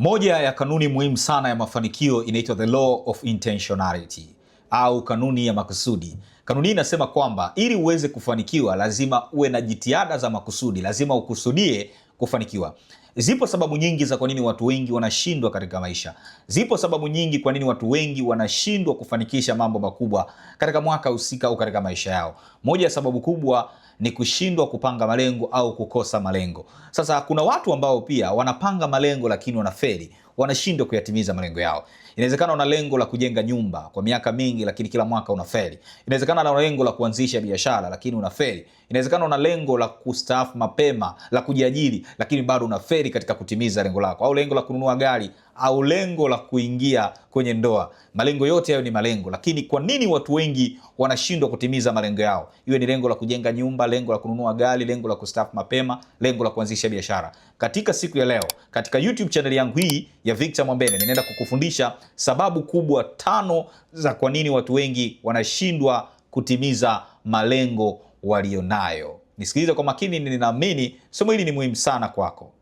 Moja ya kanuni muhimu sana ya mafanikio inaitwa the law of intentionality au kanuni ya makusudi. Kanuni hii inasema kwamba ili uweze kufanikiwa lazima uwe na jitihada za makusudi, lazima ukusudie kufanikiwa. Zipo sababu nyingi za kwa nini watu wengi wanashindwa katika maisha. Zipo sababu nyingi kwa nini watu wengi wanashindwa kufanikisha mambo makubwa katika mwaka husika au katika maisha yao. Moja ya sababu kubwa ni kushindwa kupanga malengo au kukosa malengo. Sasa kuna watu ambao pia wanapanga malengo lakini wanafeli, wanashindwa kuyatimiza malengo yao. Inawezekana una lengo la kujenga nyumba kwa miaka mingi, lakini kila mwaka unafeli. Inawezekana una lengo la kuanzisha biashara, lakini unafeli. Inawezekana una lengo la kustaafu mapema, la kujiajiri, lakini bado unaferi katika kutimiza lengo lako, au lengo la kununua gari, au lengo la kuingia kwenye ndoa. Malengo yote hayo ni malengo, lakini kwa nini watu wengi wanashindwa kutimiza malengo yao? Iwe ni lengo la kujenga nyumba, lengo la kununua gari, lengo la kustaafu mapema, lengo la kuanzisha biashara. Katika siku ya leo, katika YouTube channel yangu hii ya Victor Mwambene, ninaenda kukufundisha sababu kubwa tano za kwa nini watu wengi wanashindwa kutimiza malengo walionayo. Nisikilize kwa makini, ninaamini somo hili ni muhimu sana kwako.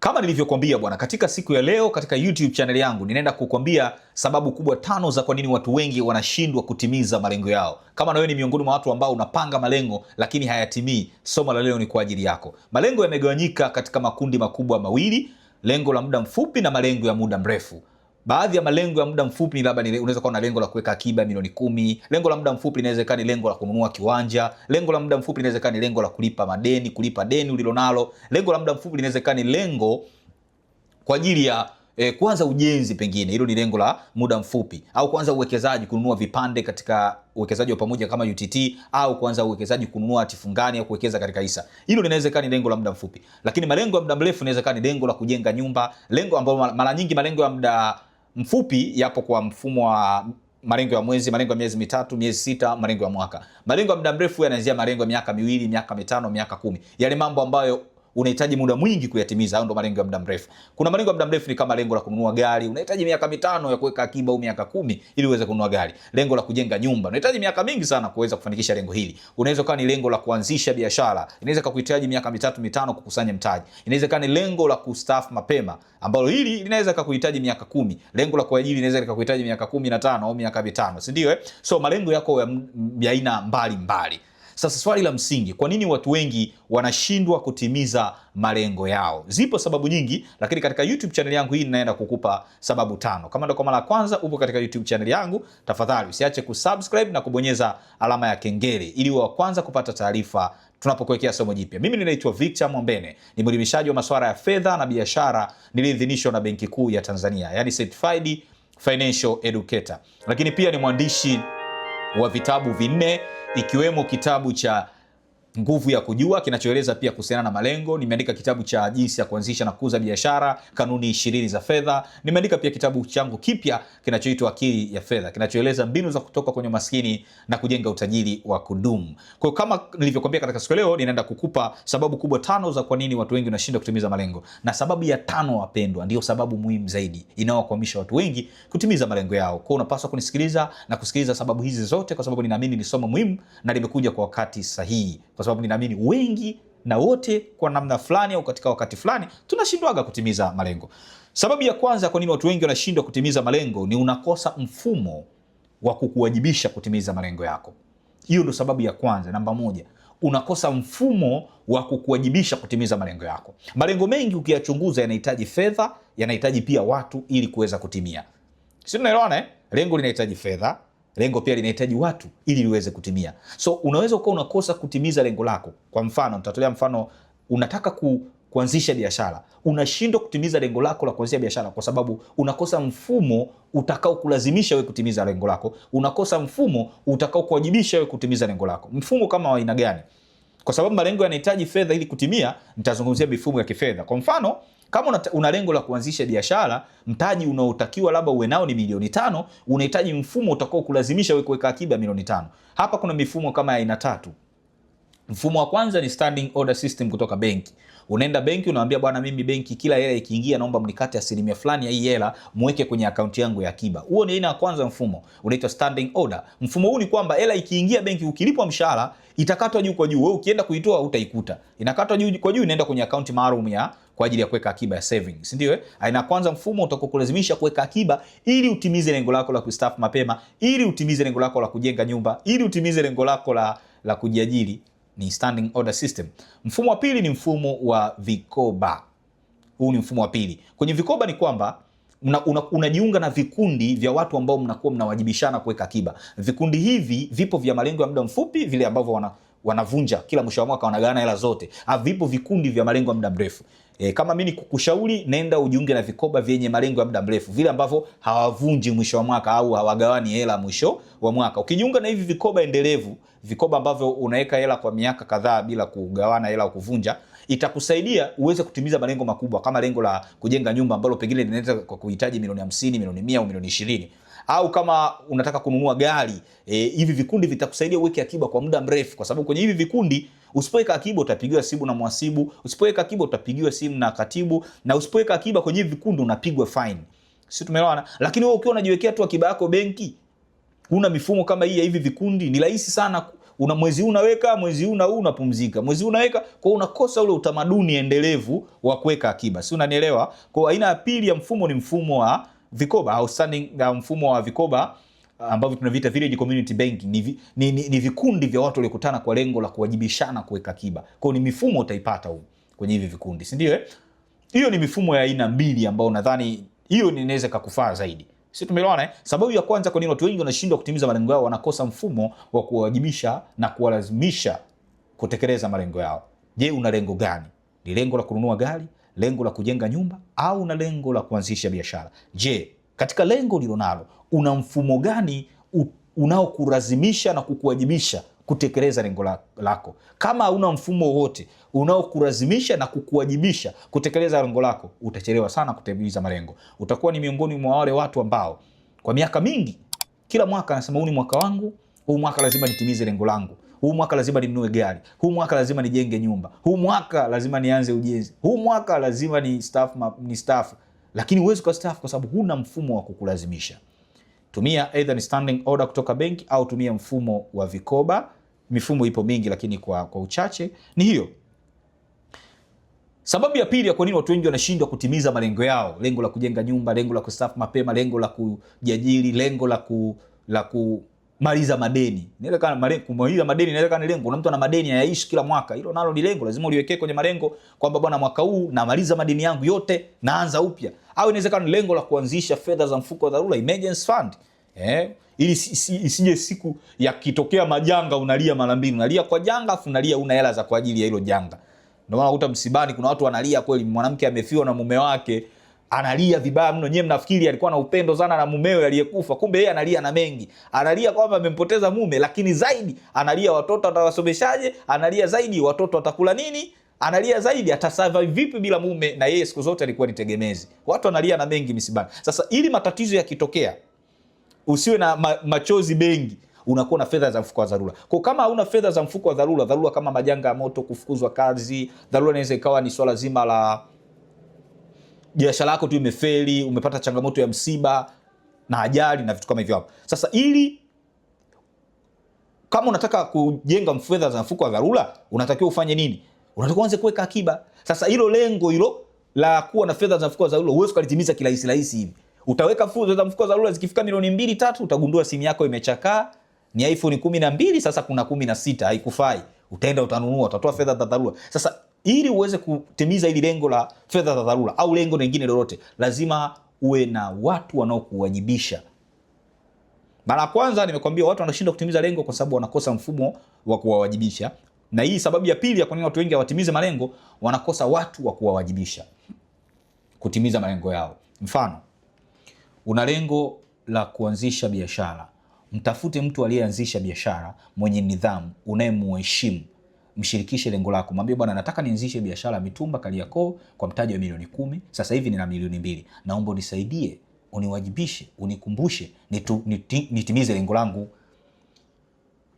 Kama nilivyokuambia bwana, katika siku ya leo, katika YouTube chaneli yangu ninaenda kukuambia sababu kubwa tano za kwa nini watu wengi wanashindwa kutimiza malengo yao. Kama na wewe ni miongoni mwa watu ambao unapanga malengo lakini hayatimii, somo la leo ni kwa ajili yako. Malengo yamegawanyika katika makundi makubwa mawili, lengo la muda mfupi na malengo ya muda mrefu baadhi ya malengo ya muda mfupi labda unaweza kuwa na lengo la kuweka akiba milioni kumi. Lengo la muda mfupi inaweza ikawa ni lengo la kununua kiwanja. Lengo la muda mfupi inaweza ikawa ni lengo la kulipa madeni, kulipa deni ulilonalo. Lengo la muda mfupi inaweza ikawa ni lengo kwa ajili ya E, eh, kwanza ujenzi pengine hilo ni lengo la muda mfupi, au kwanza uwekezaji kununua vipande katika uwekezaji wa pamoja kama UTT, au kwanza uwekezaji kununua hatifungani au kuwekeza katika hisa. Hilo linaweza kuwa ni lengo la muda mfupi, lakini malengo ya muda mrefu inaweza kuwa ni lengo la kujenga nyumba, lengo ambalo mara nyingi malengo ya muda mfupi yapo kwa mfumo wa malengo ya mwezi, malengo ya miezi mitatu, miezi sita, malengo ya mwaka. Malengo ya muda mrefu yanaanzia malengo ya miaka miwili, miaka mitano, miaka kumi, yale mambo ambayo unahitaji muda mwingi kuyatimiza. Hayo ndo malengo ya muda mrefu. Kuna malengo ya muda mrefu ni kama lengo la kununua gari, unahitaji miaka mitano ya kuweka akiba au miaka kumi ili uweze kununua gari. Lengo la kujenga nyumba, unahitaji miaka mingi sana kuweza kufanikisha lengo hili. Unaweza kuwa ni lengo la kuanzisha biashara, inaweza kukuhitaji miaka mitatu mitano kukusanya mtaji. Inaweza kuwa ni lengo la kustaafu mapema, ambalo hili linaweza kukuhitaji miaka kumi. Lengo la kuajiri inaweza kukuhitaji miaka kumi na tano au miaka mitano, si ndio? Eh, so malengo yako ya aina mbalimbali sasa swali la msingi, kwa nini watu wengi wanashindwa kutimiza malengo yao? Zipo sababu nyingi, lakini katika YouTube channel yangu hii ninaenda kukupa sababu tano. Kama ndo kwa mara ya kwanza upo katika YouTube channel yangu, tafadhali usiache kusubscribe na kubonyeza alama ya kengele ili wa kwanza kupata taarifa tunapokuwekea somo jipya. Mimi ninaitwa Victor Mwambene, ni mwelimishaji wa masuala ya fedha na biashara niliyoidhinishwa na Benki Kuu ya Tanzania, yani certified financial educator, lakini pia ni mwandishi wa vitabu vinne ikiwemo kitabu cha nguvu ya kujua kinachoeleza pia kuhusiana na malengo. Nimeandika kitabu cha jinsi ya kuanzisha na kuuza biashara, kanuni ishirini za fedha. Nimeandika pia kitabu changu kipya kinachoitwa Akili ya Fedha, kinachoeleza mbinu za kutoka kwenye umaskini na kujenga utajiri wa kudumu. Kwa hiyo kama nilivyokwambia katika siku leo, ninaenda kukupa sababu kubwa tano za kwa nini watu wengi wanashindwa kutimiza malengo, na sababu ya tano, wapendwa, ndio sababu muhimu zaidi inayowakwamisha watu wengi kutimiza malengo yao. Kwa hiyo unapaswa kunisikiliza na kusikiliza sababu hizi zote, kwa sababu ninaamini ni somo muhimu na limekuja kwa wakati sahihi kwa sababu ninaamini wengi na wote kwa namna fulani au katika wakati fulani tunashindwaga kutimiza malengo. Sababu ya kwanza kwa nini watu wengi wanashindwa kutimiza malengo ni unakosa mfumo wa kukuwajibisha kutimiza malengo yako. Hiyo ndo sababu ya kwanza, namba moja, unakosa mfumo wa kukuwajibisha kutimiza malengo yako. Malengo mengi ukiyachunguza, yanahitaji fedha, yanahitaji pia watu ili kuweza kutimia, si tunaelewana eh? Lengo linahitaji fedha Lengo pia linahitaji watu ili liweze kutimia. So unaweza ukawa unakosa kutimiza lengo lako. Kwa mfano, nitatolea mfano, unataka ku, kuanzisha biashara, unashindwa kutimiza lengo lako la kuanzisha biashara kwa sababu unakosa mfumo utakao kulazimisha wewe kutimiza lengo lako, unakosa mfumo utakao kuwajibisha wewe kutimiza lengo lako. Mfumo kama wa aina gani? Kwa sababu malengo yanahitaji fedha ili kutimia, nitazungumzia mifumo ya kifedha. Kwa mfano kama una una lengo la kuanzisha biashara, mtaji unaotakiwa labda uwe nao ni milioni tano, unahitaji mfumo utakao kulazimisha wewe kuweka akiba milioni tano. Hapa kuna mifumo kama ya aina tatu. Mfumo wa kwanza ni standing order system kutoka benki. Unaenda benki unawambia, bwana, mimi benki kila hela ikiingia, naomba mnikate asilimia fulani ya hii hela muweke kwenye akaunti yangu ya akiba. Huo ni aina ya kwanza, mfumo unaitwa standing order. Mfumo huu ni kwamba hela ikiingia benki, ukilipwa mshahara itakatwa juu kwa juu, wewe ukienda kuitoa utaikuta inakatwa juu kwa juu, inaenda kwenye akaunti maalum ya kwa ajili ya kuweka akiba ya savings, ndio eh? Aina kwanza mfumo utakokulazimisha kuweka akiba ili utimize lengo lako la kustaafu mapema, ili utimize lengo lako la kujenga nyumba, ili utimize lengo lako la, la kujiajiri ni standing order system. Mfumo wa pili ni mfumo wa vikoba. Huu ni mfumo wa pili. Kwenye vikoba ni kwamba unajiunga una, una na vikundi vya watu ambao mnakuwa mnawajibishana kuweka akiba. Vikundi hivi vipo vya malengo ya muda mfupi, vile ambavyo wana, wanavunja kila mwisho wa mwaka wanagawana hela zote. Ah, vipo vikundi vya malengo ya muda mrefu. E, kama mimi kukushauri nenda ujiunge na vikoba vyenye malengo ya muda mrefu, vile ambavyo hawavunji mwisho wa mwaka au hawagawani hela mwisho wa mwaka. Ukijiunga na hivi vikoba endelevu, vikoba ambavyo unaweka hela kwa miaka kadhaa bila kugawana hela au kuvunja, itakusaidia uweze kutimiza malengo makubwa kama lengo la kujenga nyumba ambalo pengine linaweza kuhitaji milioni 50, milioni 100 au milioni 20 au kama unataka kununua gari e, hivi vikundi vitakusaidia uweke akiba kwa muda mrefu, kwa sababu kwenye hivi vikundi usipoweka akiba utapigiwa simu na mwasibu, usipoweka akiba utapigiwa simu na katibu, na usipoweka akiba kwenye hivi vikundi unapigwa fine. Sisi tumeelewana. Lakini wewe ukiwa unajiwekea tu akiba yako benki, una mifumo kama hii ya hivi vikundi, ni rahisi sana una mwezi huu unaweka, mwezi huu na huu unapumzika, mwezi huu unaweka, kwa unakosa ule utamaduni endelevu wa kuweka akiba, si unanielewa? Kwa aina ya pili ya mfumo ni mfumo wa vikoba au standing, uh, mfumo wa vikoba uh, ambavyo tunaviita village community banking ni, vi, ni, ni, ni vikundi vya watu waliokutana kwa lengo la kuwajibishana kuweka akiba. Kwa hiyo ni mifumo utaipata huko kwenye hivi vikundi, si ndio? Eh, hiyo ni mifumo ya aina mbili ambayo nadhani hiyo inaweza kukufaa zaidi. Sisi tumeelewana eh? Sababu ya kwanza kwa nini watu wengi wanashindwa kutimiza malengo yao, wanakosa mfumo wa kuwajibisha na kuwalazimisha kutekeleza malengo yao. Je, una lengo gani? Ni lengo la kununua gari? lengo la kujenga nyumba au na lengo la kuanzisha biashara? Je, katika lengo ulilonalo una mfumo gani unaokurazimisha na kukuwajibisha kutekeleza lengo lako? Kama hauna mfumo wowote unaokurazimisha na kukuwajibisha kutekeleza lengo lako, utachelewa sana kutimiza malengo. Utakuwa ni miongoni mwa wale watu ambao kwa miaka mingi kila mwaka anasema huu ni mwaka wangu, huu mwaka lazima nitimize lengo langu, huu mwaka lazima ninunue gari, huu mwaka lazima nijenge nyumba, huu mwaka lazima nianze ujenzi, huu mwaka lazima ni staff, ni staff. Lakini huwezi kwa staff kwa sababu huna mfumo wa kukulazimisha. Tumia either ni standing order kutoka benki au tumia mfumo wa vikoba. Mifumo ipo mingi, lakini kwa, kwa uchache ni hiyo. Sababu ya pili ya kwa nini watu wengi wanashindwa kutimiza malengo yao, lengo la kujenga nyumba, lengo la kustaafu mapema, lengo la kujiajiri, lengo la ku, la ku maliza madeni. Inawezekana malengo kumaliza madeni inawezekana lengo. Kuna mtu ana madeni hayaishi kila mwaka. Hilo nalo ni lengo, lazima uliwekee kwenye malengo kwamba bwana, mwaka huu namaliza madeni yangu yote, naanza upya. Au inawezekana lengo la kuanzisha fedha za mfuko wa dharura, emergency fund. Eh, ili isije siku yakitokea majanga unalia mara mbili, unalia kwa janga afu unalia una hela za kwa ajili ya hilo janga. Ndio maana unakuta msibani kuna watu wanalia kweli, mwanamke amefiwa na mume wake analia vibaya mno. Nyewe mnafikiri alikuwa na upendo sana na mumewe aliyekufa, kumbe yeye analia na mengi. Analia kwamba amempoteza mume, lakini zaidi analia watoto atawasomeshaje, analia zaidi watoto watakula nini, analia zaidi atasurvive vipi bila mume, na yeye siku zote alikuwa ni tegemezi. Watu analia na mengi misibani. Sasa ili matatizo yakitokea usiwe na ma machozi mengi unakuwa na fedha za mfuko wa dharura. Kwa kama hauna fedha za mfuko wa dharura, dharura kama majanga ya moto, kufukuzwa kazi, dharura inaweza ikawa ni swala zima la biashara yako tu imefeli, umepata changamoto ya msiba na ajali na vitu kama hivyo hapo. Sasa ili kama unataka kujenga fedha za mfuko wa dharura, unatakiwa ufanye nini? Unatakiwa uanze kuweka akiba. Sasa hilo lengo hilo la kuwa na fedha za mfuko wa dharura huwezi ukalitimiza kirahisi rahisi hivi. Utaweka fedha za mfuko wa dharura zikifika milioni mbili tatu, utagundua simu yako imechakaa, ni iPhone 12, sasa kuna 16 haikufai. Utaenda utanunua, utatoa fedha za dharura sasa ili uweze kutimiza hili lengo la fedha za dharura au lengo lingine lolote, lazima uwe na watu wanaokuwajibisha. Mara ya kwanza nimekwambia watu wanashindwa kutimiza lengo kwa sababu wanakosa mfumo wa kuwawajibisha, na hii sababu ya pili ya kwa nini watu wengi hawatimize malengo, wanakosa watu wa kuwawajibisha kutimiza malengo yao. Mfano, una lengo la kuanzisha biashara, mtafute mtu aliyeanzisha biashara mwenye nidhamu, unayemheshimu mshirikishe lengo lako, mwambie bwana, nataka nianzishe biashara ya mitumba Kariakoo kwa mtaji wa milioni kumi. Sasa hivi nina milioni mbili, naomba unisaidie, uniwajibishe, unikumbushe nitu, niti, nitimize lengo langu.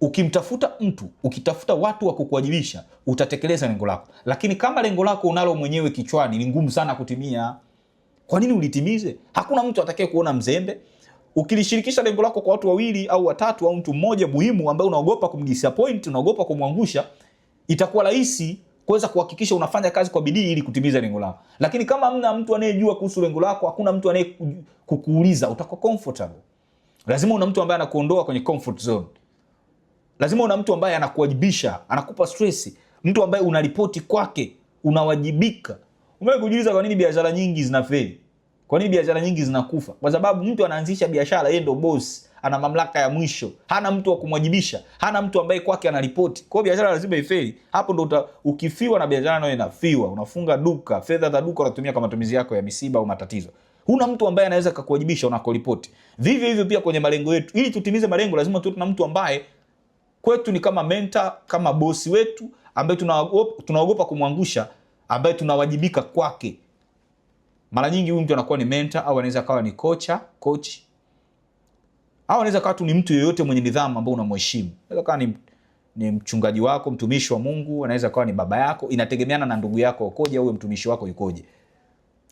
Ukimtafuta mtu, ukitafuta watu wa kukuwajibisha, utatekeleza lengo lako, lakini kama lengo lako unalo mwenyewe kichwani, ni ngumu sana kutimia. Kwa nini ulitimize? Hakuna mtu atakaye kuona mzembe. Ukilishirikisha lengo lako kwa watu wawili au watatu au mtu mmoja muhimu ambaye unaogopa kumdisappoint, unaogopa kumwangusha itakuwa rahisi kuweza kuhakikisha unafanya kazi kwa bidii ili kutimiza lengo lako. Lakini kama hamna mtu anayejua kuhusu lengo lako, hakuna mtu anayekukuuliza, utakuwa comfortable. Lazima una mtu ambaye anakuondoa kwenye comfort zone. Lazima una mtu ambaye anakuwajibisha, anakupa stress, mtu ambaye unaripoti kwake, unawajibika. Umewahi kujiuliza kwa nini biashara nyingi zinafeli? Kwa nini biashara nyingi zinakufa? Kwa sababu mtu anaanzisha biashara, yeye ndio boss ana mamlaka ya mwisho, hana mtu wa kumwajibisha, hana mtu ambaye kwake anaripoti. Kwa hiyo biashara lazima ifeli. Hapo ndo uta, ukifiwa na biashara nayo inafiwa, unafunga duka, fedha za duka unatumia kwa matumizi yako ya misiba au matatizo. Huna mtu ambaye anaweza kukuwajibisha unakoripoti. Vivyo hivyo pia kwenye malengo yetu, ili tutimize malengo lazima tuwe na mtu ambaye kwetu ni kama menta, kama bosi wetu ambaye tunaogopa kumwangusha, ambaye tunawajibika kwake. Mara nyingi huyu mtu anakuwa ni menta au anaweza akawa ni kocha, coach au anaweza kawa tu ni mtu yoyote mwenye nidhamu ambao unamheshimu. naweza kawa ni, ni mchungaji wako, mtumishi wa Mungu, anaweza kawa ni baba yako, inategemeana na ndugu yako ukoje au mtumishi wako yukoje.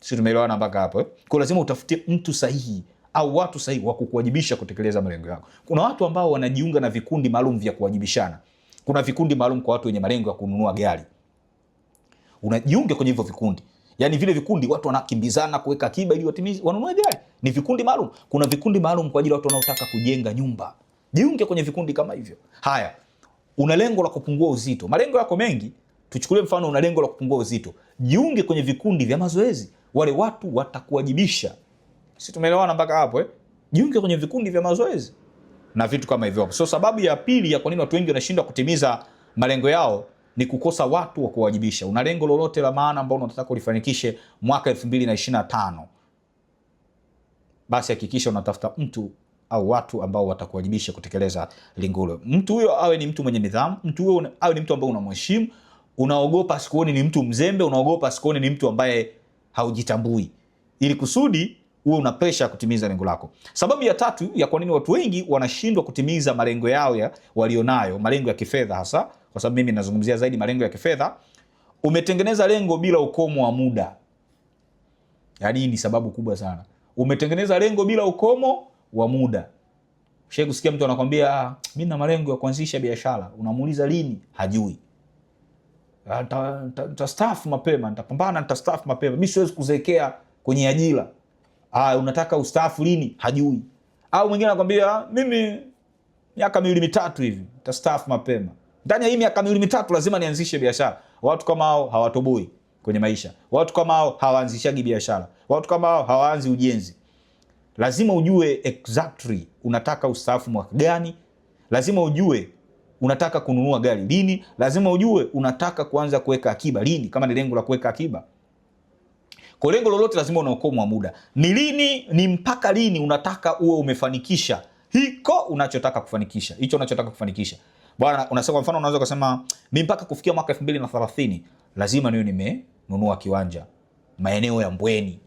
si tumeelewana mpaka hapo eh? Kwa lazima utafute mtu sahihi au watu sahihi wa kukuwajibisha kutekeleza malengo yako. Kuna watu ambao wanajiunga na vikundi maalum vya kuwajibishana. Kuna vikundi maalum kwa watu wenye malengo ya kununua gari, unajiunge kwenye hivyo vikundi Yaani vile vikundi watu wanakimbizana kuweka akiba ili watimize wanunue gari. Ni vikundi maalum. Kuna vikundi maalum kwa ajili ya watu wanaotaka kujenga nyumba. Jiunge kwenye vikundi kama hivyo. Haya. Una lengo la kupungua uzito. Malengo yako mengi. Tuchukulie mfano una lengo la kupungua uzito. Jiunge kwenye vikundi vya mazoezi. Wale watu watakuwajibisha. Si tumeelewana mpaka hapo eh? Jiunge kwenye vikundi vya mazoezi na vitu kama hivyo. So sababu ya pili ya kwa nini watu wengi wanashindwa kutimiza malengo yao ni kukosa watu wa kuwajibisha. Una lengo lolote la maana ambao unataka ulifanikishe mwaka 2025, basi hakikisha unatafuta mtu au watu ambao watakuwajibisha kutekeleza lengo hilo. Mtu huyo awe ni mtu mwenye nidhamu, mtu huyo awe ni mtu ambaye unamheshimu, unaogopa sikuoni ni mtu mzembe, unaogopa sikuoni ni mtu ambaye haujitambui, ili kusudi uwe una presha kutimiza lengo lako. Sababu ya tatu ya kwa nini watu wengi wanashindwa kutimiza malengo yao ya walionayo, malengo ya kifedha hasa kwa sababu mimi nazungumzia zaidi malengo ya kifedha, umetengeneza lengo bila ukomo wa muda. yani ni sababu kubwa sana, umetengeneza lengo bila ukomo wa muda. Ushawahi kusikia mtu anakwambia ah, mimi na malengo ya kuanzisha biashara, unamuuliza lini? Hajui. Ah, nitastaafu mapema, nitapambana, nitastaafu mapema, mimi siwezi kuzekea kwenye ajira. Ah, unataka ustaafu lini? Hajui. Au mwingine anakwambia ah, mimi miaka miwili mitatu hivi nitastaafu mapema ndani ya hii miaka miwili mitatu lazima nianzishe biashara. Watu kama hao hawatoboi kwenye maisha, watu kama hao hawaanzishagi biashara, watu kama hao hawaanzi ujenzi. Lazima ujue exactly unataka ustaafu mwaka gani, lazima ujue unataka kununua gari lini, lazima ujue unataka kuanza kuweka akiba lini, kama ni lengo la kuweka akiba. Kwa lengo lolote lazima unaokomo wa muda ni lini, ni mpaka lini unataka uwe umefanikisha hiko unachotaka kufanikisha, hicho unachotaka kufanikisha bwana, unasema kwa mfano, unaweza kusema mimi mpaka kufikia mwaka 2030 lazima niwe nimenunua kiwanja maeneo ya Mbweni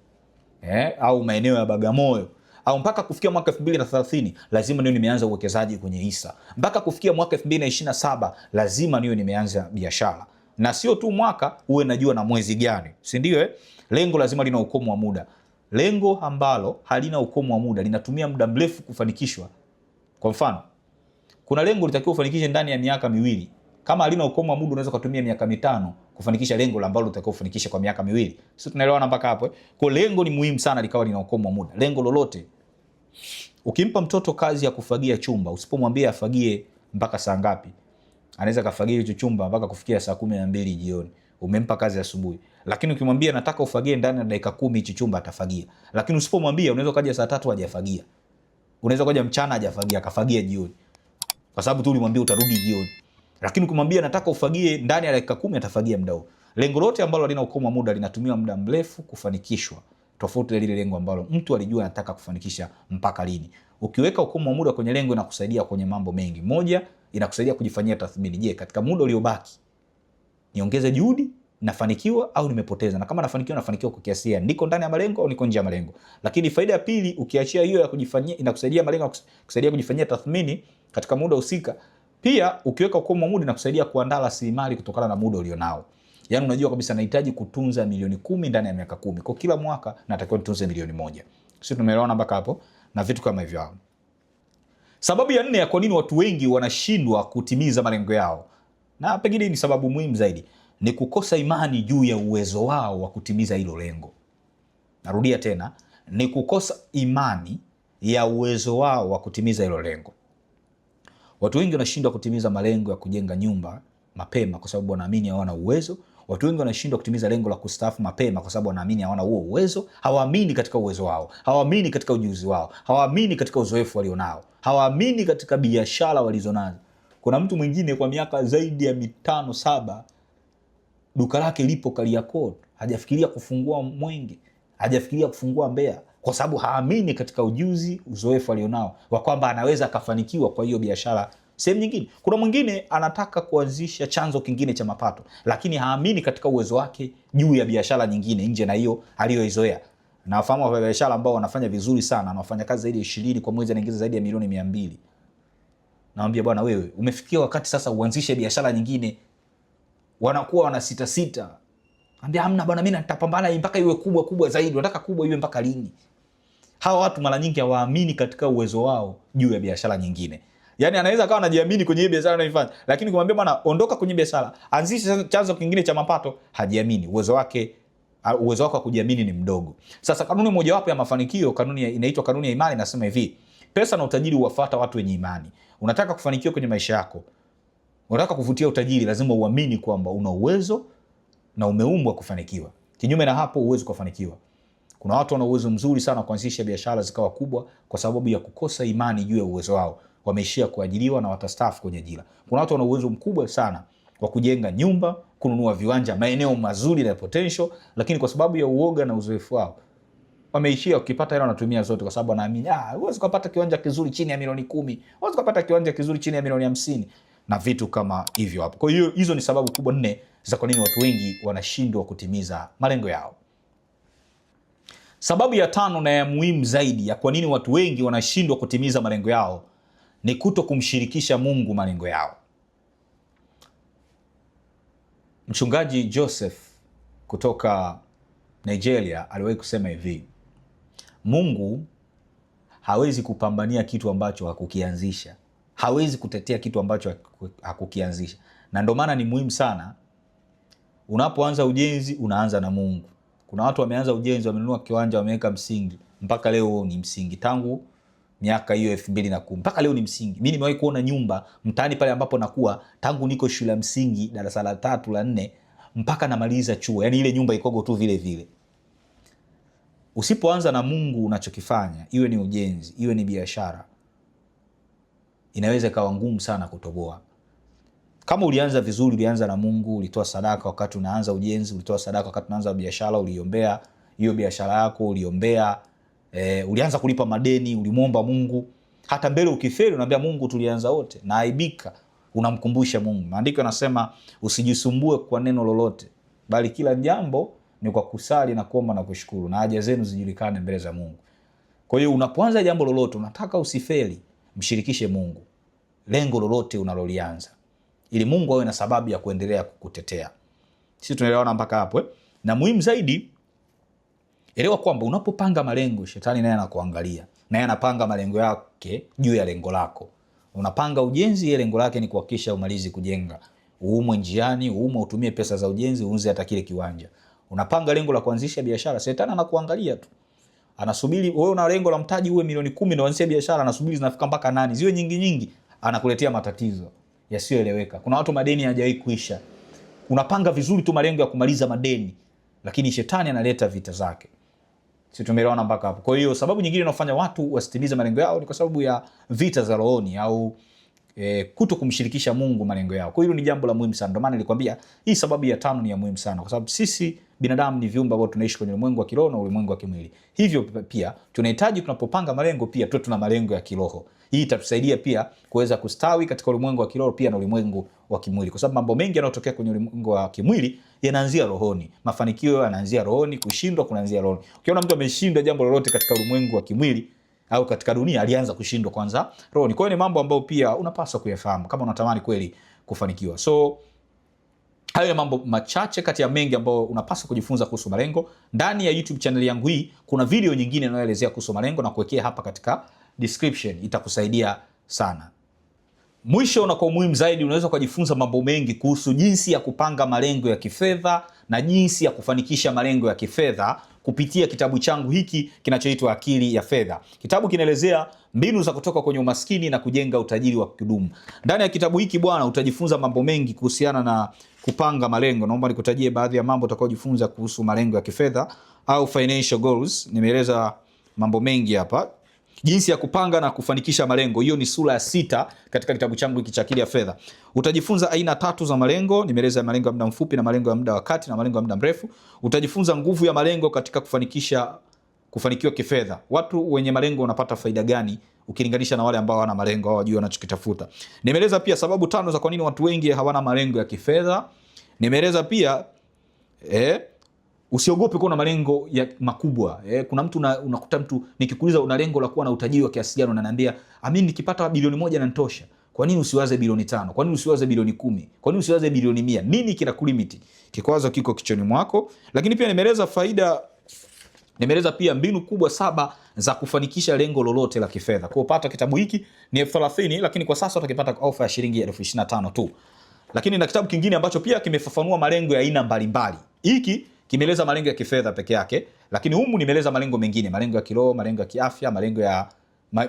eh, au maeneo ya Bagamoyo au mpaka kufikia mwaka 2030 lazima niwe nimeanza uwekezaji kwenye hisa. Mpaka kufikia mwaka 2027 lazima niwe nimeanza biashara, na sio tu mwaka, uwe najua na mwezi gani, si ndio? Eh, lengo lazima lina ukomo wa muda. Lengo ambalo halina ukomo wa muda linatumia muda mrefu kufanikishwa. Kwa mfano kuna lengo litakiwa ufanikishe ndani ya miaka miwili. Kama alina ukomo wa muda, unaweza kutumia miaka mitano kufanikisha lengo ambalo litakiwa ufanikishe kwa miaka miwili. Sisi tunaelewana mpaka hapo eh? Kwa lengo ni muhimu sana likawa lina ukomo wa muda, lengo lolote. Ukimpa mtoto kazi ya kufagia chumba, usipomwambia afagie mpaka saa ngapi, anaweza kafagia hicho chumba mpaka kufikia saa kumi na mbili jioni. Umempa kazi asubuhi, lakini ukimwambia nataka ufagie ndani ya dakika kumi hichi chumba, atafagia. Lakini usipomwambia, unaweza ukaja saa tatu hajafagia, unaweza ukaja mchana hajafagia, akafagia jioni kwa sababu tu ulimwambia utarudi jioni, lakini ukimwambia nataka ufagie ndani ya dakika kumi atafagia muda huo. Lengo lote ambalo halina ukomo wa muda linatumiwa muda mrefu kufanikishwa, tofauti na lile lengo ambalo mtu alijua anataka kufanikisha mpaka lini. Ukiweka ukomo wa muda kwenye lengo, inakusaidia kwenye mambo mengi. Moja, inakusaidia kujifanyia tathmini. Je, katika muda uliobaki niongeze juhudi nafanikiwa au nimepoteza? Na kama nafanikiwa, nafanikiwa kwa kiasi gani? Niko ndani ya malengo au niko nje ya malengo? Lakini faida ya pili, ukiachia hiyo ya kujifanyia, inakusaidia malengo, kusaidia kujifanyia tathmini katika muda husika. Pia ukiweka ukomo wa muda inakusaidia kuandaa rasilimali kutokana na muda ulionao. Yaani unajua kabisa nahitaji kutunza milioni kumi ndani ya miaka kumi. Kwa kila mwaka natakiwa nitunze milioni moja. Sisi tumeelewana mpaka hapo na vitu kama hivyo. Sababu ya nne ya kwa nini watu wengi wanashindwa kutimiza malengo yao, na pengine ni sababu muhimu zaidi, ni kukosa imani juu ya uwezo wao wa kutimiza hilo lengo. Narudia tena, ni kukosa imani ya uwezo wao wa kutimiza hilo lengo. Watu wengi wanashindwa kutimiza malengo ya kujenga nyumba mapema kwa sababu wanaamini hawana uwezo. Watu wengi wanashindwa kutimiza lengo la kustaafu mapema kwa sababu wanaamini hawana huo uwezo. Hawaamini katika uwezo wao, hawaamini katika ujuzi wao, hawaamini katika uzoefu walionao, hawaamini katika biashara walizonazo. Kuna mtu mwingine kwa miaka zaidi ya mitano saba, duka lake lipo Kariakoo, hajafikiria kufungua Mwenge, hajafikiria kufungua Mbeya, kwa sababu haamini katika ujuzi, uzoefu alionao wa kwamba anaweza akafanikiwa kwa hiyo biashara sehemu nyingine. Kuna mwingine anataka kuanzisha chanzo kingine cha mapato, lakini haamini katika uwezo wake juu ya biashara nyingine nje na hiyo aliyoizoea. Nawafahamu wafanyabiashara ambao wanafanya vizuri sana na kazi zaidi ya ishirini kwa mwezi, anaingiza zaidi ya milioni mia mbili. Nawambia bwana, wewe umefikia wakati sasa uanzishe biashara nyingine. Wanakuwa wana sitasita ambia amna bwana, mi natapambana mpaka iwe kubwa kubwa zaidi. Nataka kubwa iwe mpaka lini? hawa watu mara nyingi hawaamini katika uwezo wao juu ya biashara nyingine. Yaani anaweza akawa anajiamini kwenye hii biashara anayoifanya, lakini kumwambia bwana, ondoka kwenye biashara, anzishe chanzo kingine cha mapato, hajiamini uwezo wake uwezo wako wa kujiamini ni mdogo. Sasa kanuni mojawapo ya mafanikio, kanuni inaitwa kanuni ya imani, inasema hivi: pesa na utajiri huwafuata watu wenye imani. Unataka kufanikiwa kwenye maisha yako, unataka kuvutia utajiri, lazima uamini kwamba una uwezo na umeumbwa kufanikiwa. Kinyume na hapo, huwezi kufanikiwa. Kuna watu wana uwezo mzuri sana wa kuanzisha biashara zikawa kubwa, kwa sababu ya kukosa imani juu ya uwezo wao wameishia kuajiriwa na watastaafu kwenye ajira. Kuna watu wana uwezo mkubwa sana wa kujenga nyumba, kununua viwanja, maeneo mazuri na potential, lakini kwa sababu ya uoga na uzoefu wao wameishia ukipata hela wanatumia zote, kwa sababu wanaamini ah, huwezi kupata kiwanja kizuri chini ya milioni kumi, huwezi kupata kiwanja kizuri chini ya milioni hamsini na vitu kama hivyo hapo. Kwa hiyo hizo ni sababu kubwa nne za kwa nini watu wengi wanashindwa kutimiza malengo yao. Sababu ya tano na ya muhimu zaidi ya kwa nini watu wengi wanashindwa kutimiza malengo yao ni kuto kumshirikisha Mungu malengo yao. Mchungaji Joseph kutoka Nigeria aliwahi kusema hivi, Mungu hawezi kupambania kitu ambacho hakukianzisha, hawezi kutetea kitu ambacho hakukianzisha. Na ndio maana ni muhimu sana, unapoanza ujenzi unaanza na Mungu. Kuna watu wameanza ujenzi, wamenunua kiwanja, wameweka msingi, mpaka leo huo ni msingi, tangu miaka hiyo elfu mbili na kumi mpaka leo ni msingi. Mi nimewahi kuona nyumba mtaani pale ambapo nakuwa, tangu niko shule ya msingi darasa la tatu la nne mpaka namaliza chuo, yani ile nyumba ikogo tu vile vile. Usipoanza na Mungu unachokifanya, iwe ni ujenzi, iwe ni biashara, inaweza ikawa ngumu sana kutoboa. Kama ulianza vizuri, ulianza na Mungu, ulitoa sadaka wakati unaanza ujenzi, ulitoa sadaka wakati unaanza biashara, uliombea hiyo biashara yako, uliombea e, ulianza kulipa madeni, ulimwomba Mungu. Hata mbele ukifeli, unaambia Mungu, tulianza wote, naaibika, unamkumbusha Mungu. Maandiko yanasema usijisumbue kwa neno lolote, bali kila jambo ni kwa kusali na kuomba na kushukuru, na haja zenu zijulikane mbele za Mungu. Kwa hiyo unapoanza jambo lolote, unataka usifeli, mshirikishe Mungu lengo lolote unalolianza ili Mungu awe na sababu ya kuendelea kukutetea. Sisi tunaelewana mpaka hapo eh? Na muhimu zaidi, elewa kwamba unapopanga malengo, shetani naye anakuangalia, naye anapanga malengo yake juu ya lengo lako. Unapanga ujenzi, yeye lengo lake ni kuhakikisha umalizi kujenga, uumwe njiani, uumwe utumie pesa za ujenzi, uuze hata kile kiwanja. Unapanga lengo la kuanzisha biashara, shetani anakuangalia tu anasubiri wewe una lengo la mtaji uwe milioni kumi na uanzie biashara, anasubiri zinafika mpaka nani, ziwe nyingi nyingi, anakuletea matatizo yasiyoeleweka. Kuna watu madeni hajawahi kuisha, unapanga vizuri tu malengo ya kumaliza madeni, lakini shetani analeta vita zake. Si tumeelewana mpaka hapo? Kwa hiyo sababu nyingine inayofanya watu wasitimize malengo yao ni kwa sababu ya vita za rohoni au e, kuto kumshirikisha Mungu malengo yao. Kwa hiyo ni jambo la muhimu sana. Ndio maana nilikwambia hii sababu ya tano ni ya muhimu sana, kwa sababu sisi binadamu ni viumbe ambao tunaishi kwenye ulimwengu wa kiroho na ulimwengu wa kimwili. Hivyo pia tunahitaji tunapopanga malengo pia tuwe tuna malengo ya kiroho. Hii itatusaidia pia kuweza kustawi katika ulimwengu wa kiroho pia na ulimwengu wa kimwili, kwa sababu mambo mengi yanayotokea kwenye ulimwengu wa kimwili yanaanzia rohoni. Mafanikio yanaanzia rohoni, kushindwa kunaanzia rohoni. Ukiona mtu ameshindwa jambo lolote katika ulimwengu wa kimwili au katika dunia, alianza kushindwa kwanza rohoni. Kwa hiyo ni mambo ambayo pia unapaswa kuyafahamu kama unatamani kweli kufanikiwa. So hayo ni mambo machache kati ya mengi ambayo unapaswa kujifunza kuhusu malengo. Ndani ya YouTube chaneli yangu hii kuna video nyingine inayoelezea kuhusu malengo na kuwekea hapa katika description itakusaidia sana. Mwisho na kwa muhimu zaidi, unaweza ukajifunza mambo mengi kuhusu jinsi ya kupanga malengo ya kifedha na jinsi ya kufanikisha malengo ya kifedha kupitia kitabu changu hiki kinachoitwa Akili ya Fedha. Kitabu kinaelezea mbinu za kutoka kwenye umaskini na kujenga utajiri wa kudumu. Ndani ya kitabu hiki bwana, utajifunza mambo mengi kuhusiana na kupanga malengo. Naomba nikutajie baadhi ya mambo utakayojifunza kuhusu malengo ya kifedha au financial goals. Nimeeleza mambo mengi hapa jinsi ya kupanga na kufanikisha malengo. Hiyo ni sura ya sita katika kitabu changu hiki cha Akili ya Fedha. Utajifunza aina tatu za malengo, nimeeleza malengo ya muda mfupi na malengo ya muda wa kati na malengo ya muda mrefu. Utajifunza nguvu ya malengo katika kufanikisha kufanikiwa kifedha. Watu wenye malengo wanapata faida gani ukilinganisha na wale ambao hawana malengo, hawajui wanachokitafuta. Nimeeleza pia sababu tano za kwa nini watu wengi hawana malengo ya kifedha. Nimeeleza pia eh, Usiogope kuwa na malengo ya makubwa eh. Kuna mtu una, unakuta mtu nikikuuliza una lengo la kuwa na utajiri wa kiasi gani, unaniambia amin nikipata bilioni moja nanitosha. Kwa nini usiwaze bilioni tano? Kwa nini usiwaze bilioni kumi? Kwa nini usiwaze bilioni mia? Nini kina kulimiti? Kikwazo kiko kichoni mwako. Lakini pia nimeeleza faida, nimeeleza pia mbinu kubwa saba za kufanikisha lengo lolote la kifedha. Kwa upata kitabu hiki ni elfu thelathini lakini kwa sasa utakipata kwa ofa ya shilingi elfu ishirini na tano tu, lakini na kitabu kingine ambacho pia kimefafanua malengo ya aina mbalimbali hiki kimeeleza malengo ya kifedha peke yake, lakini humu nimeeleza malengo mengine, malengo ya kiroho, malengo ya kiafya, malengo ya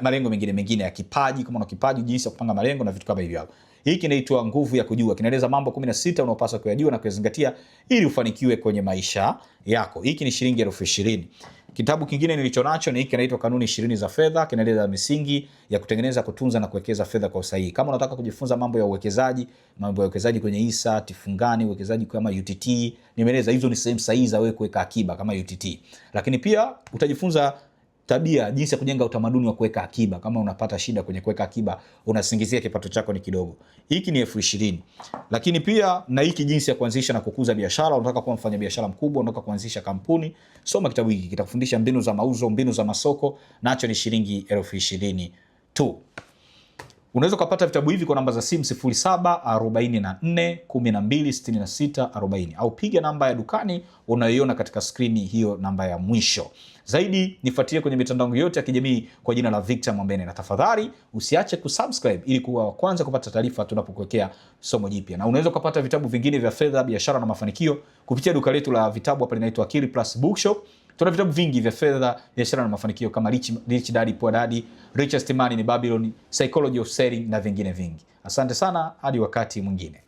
malengo mengine mengine ya kipaji, kama na kipaji, jinsi ya kupanga malengo na vitu kama hivyo hapo. Hii kinaitwa nguvu ya kujua, kinaeleza mambo 16 unaopaswa kuyajua na kuyazingatia ili ufanikiwe kwenye maisha yako. Hiki ni shilingi elfu ishirini. Kitabu kingine nilicho nacho ni hiki kinaitwa Kanuni ishirini za Fedha, kinaeleza misingi ya kutengeneza, kutunza na kuwekeza fedha kwa usahihi. Kama unataka kujifunza mambo ya uwekezaji, mambo ya uwekezaji kwenye hisa, tifungani, uwekezaji kama UTT, nimeeleza hizo ni sehemu sahihi za wewe kuweka akiba kama UTT. Lakini pia utajifunza tabia, jinsi ya kujenga utamaduni wa kuweka akiba. Kama unapata shida kwenye kuweka akiba, unasingizia kipato chako ni kidogo, hiki ni elfu ishirini. Lakini pia na hiki, jinsi ya kuanzisha na kukuza biashara. Unataka kuwa mfanyabiashara mkubwa, unataka kuanzisha kampuni, soma kitabu hiki, kitakufundisha mbinu za mauzo, mbinu za masoko, nacho ni shilingi elfu ishirini tu. Unaweza ukapata vitabu hivi kwa namba za simu 0744126640 au piga namba ya dukani unayoiona katika skrini hiyo, namba ya mwisho. Zaidi nifuatilie kwenye mitandao yote ya kijamii kwa jina la Victor Mwambene, na tafadhali usiache kusubscribe ili kuwa wa kwanza kupata taarifa tunapokuwekea somo jipya. Na unaweza ukapata vitabu vingine vya fedha, biashara na mafanikio kupitia duka letu la vitabu hapa linaitwa Akili Plus Bookshop. Tuna vitabu vingi vya fedha, biashara na mafanikio kama Rich, Rich Dad Poor Dad, Richest Man in Babylon, Psychology of Selling na vingine vingi. Asante sana, hadi wakati mwingine.